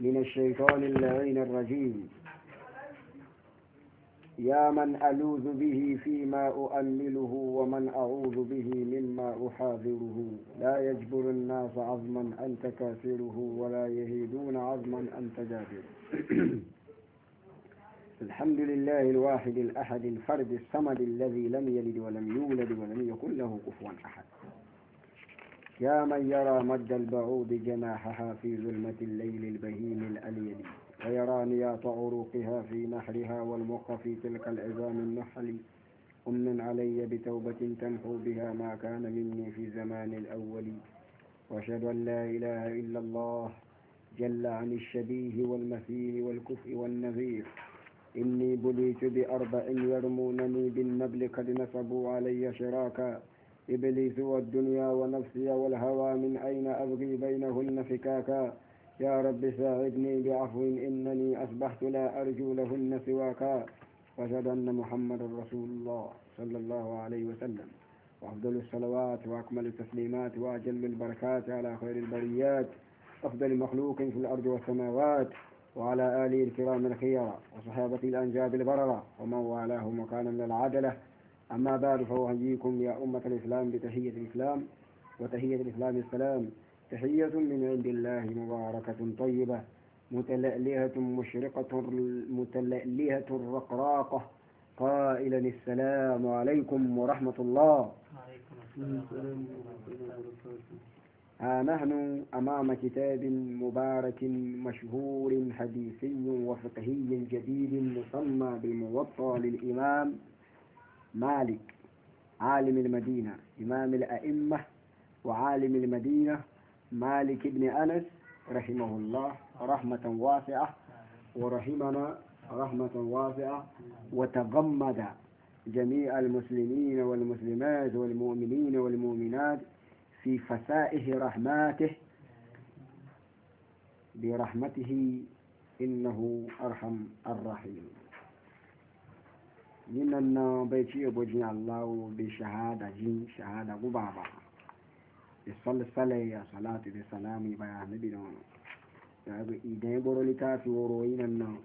من الشيطان اللعين الرجيم يا من ألوذ به فيما أؤلله ومن أعوذ به مما أحاذره لا يجبر الناس عظما أنت كافره ولا يهيدون عظما أنت جابره الحمد لله الواحد الأحد الفرد الصمد الذي لم يلد ولم يولد ولم يكن له كفوا أحد يا من يرى مد البعوض جناحها في ظلمة الليل البهيم الأليل ويرى نياط عروقها في نحرها والمخ في تلك العظام النحل أمن علي بتوبة تمحو بها ما كان مني في زمان الأول وأشهد أن لا إله إلا الله جل عن الشبيه والمثيل والكفء والنذير إني بليت بأربع يرمونني بالنبل قد نصبوا علي شراكا إبليس والدنيا ونفسي والهوى من أين أبغي بينهن فكاكا يا رب ساعدني بعفو إنني أصبحت لا أرجو لهن سواكا وأشهد أن محمد رسول الله صلى الله عليه وسلم وأفضل الصلوات وأكمل التسليمات وأجل البركات على خير البريات أفضل مخلوق في الأرض والسماوات وعلى آله الكرام الخيرة وصحابة الأنجاب البررة ومن والاهم وكان من العدلة أما بعد فأحييكم يا أمة الإسلام بتحية الإسلام وتحية الإسلام السلام تحية من عند الله مباركة طيبة متلألهة مشرقة متلألهة رقراقة قائلا السلام عليكم ورحمة الله عليكم السلام ها نحن أمام كتاب مبارك مشهور حديثي وفقهي جديد مسمى بالموطأ للإمام مالك عالم المدينة إمام الأئمة وعالم المدينة مالك بن أنس رحمه الله رحمة واسعة ورحمنا رحمة واسعة وتغمد جميع المسلمين والمسلمات والمؤمنين والمؤمنات في فسائه رحماته برحمته إنه أرحم الراحمين yinan na bai ci yabo jin allahu bi shahada jin shahada guba ba bi salsalai ya salatu da salami ba ya nabi da wani ya ga idan ya boro littafi woro yinan nan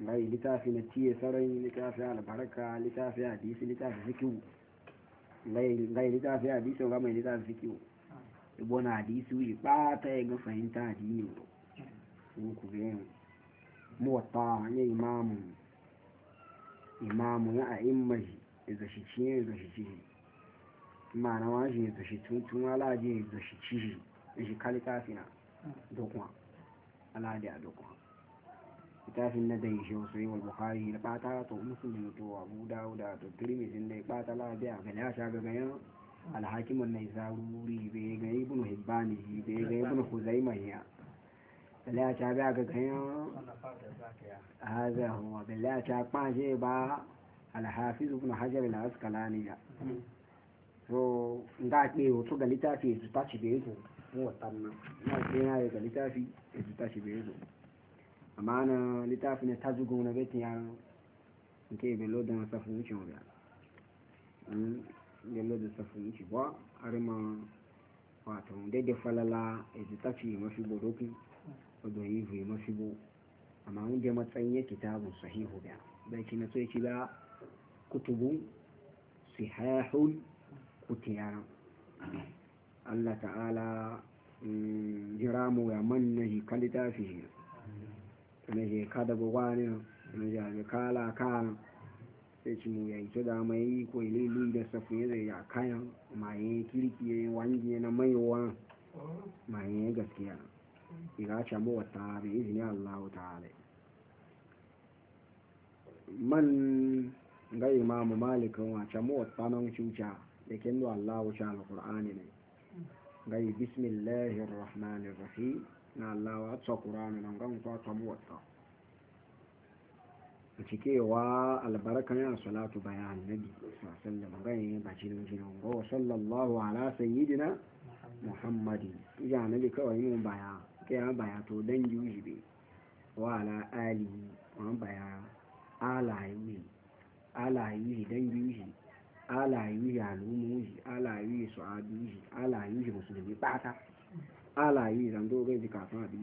bai littafi na ciye sarai littafi albarka littafi hadisi littafi fikiu bai littafi hadisi ga mai littafi fikiu ibo na hadisi wuce ba ta yi ga fahimta addini ko ku ga yin muwatta ne imamu imamu ya a'immaji shi ya izashici ma'ana wajen izashici tun alaje izashici shi kalita fina dokuwa alaji a dokuwa littafin na dai shi wasu yawon bukari da fata to musulmi to abu dawuda to turmisin da ya fata a ga ya ga gagayen alhakimin na isa ruri bai ga ibn hibbani bai ga ibn huzaima ya ya sha gagayen هذا هو بالله تاقما شيء الحافظ ابن حجر العسقلاني so nga ke hoto littafi su tashi da na ke na ga littafi su tashi da yazo amma na littafi ne ta zugo na beti ya nke be lodan na safu wuce ya mm ya wuce ba arima da falala su tashi mafi bodoki yi mafi bodoki amma mun matsayin ya kitabun sahihu ba bai ci na so ci ba kutubun sihahul kutiya Allah ta'ala mm, jira mu ya manna shi kan littafi shi na shi kada bugwa ne na shi abi kala ka sai ci mu ya yi to da yi ko ililu da safi zai ya kayan yi kirki ya yi wangi na maiwa maye gaskiya iga camo wata bi izini Allah ta'ala man ga imamu malikin wa camo wa nan cuca da kendo Allah wuce alkur'ani ne ga yi bismillahir rahmanir rahim na Allah wa ta qur'ani nan gan kwa camo a cikewa albarkan ya salatu bayan nabi sallallahu da wasallam ga bacin jinan wa sallallahu ala sayyidina muhammadin ya nabi kawai yin bayan. an baya to dan yuji be wa ala alihi wa baya ala yuji ala yuji dan yuji ala yuji alumu yuji ala yuji su'adu yuji ala yuji musulmi pata ala yuji zando ga zikafin abin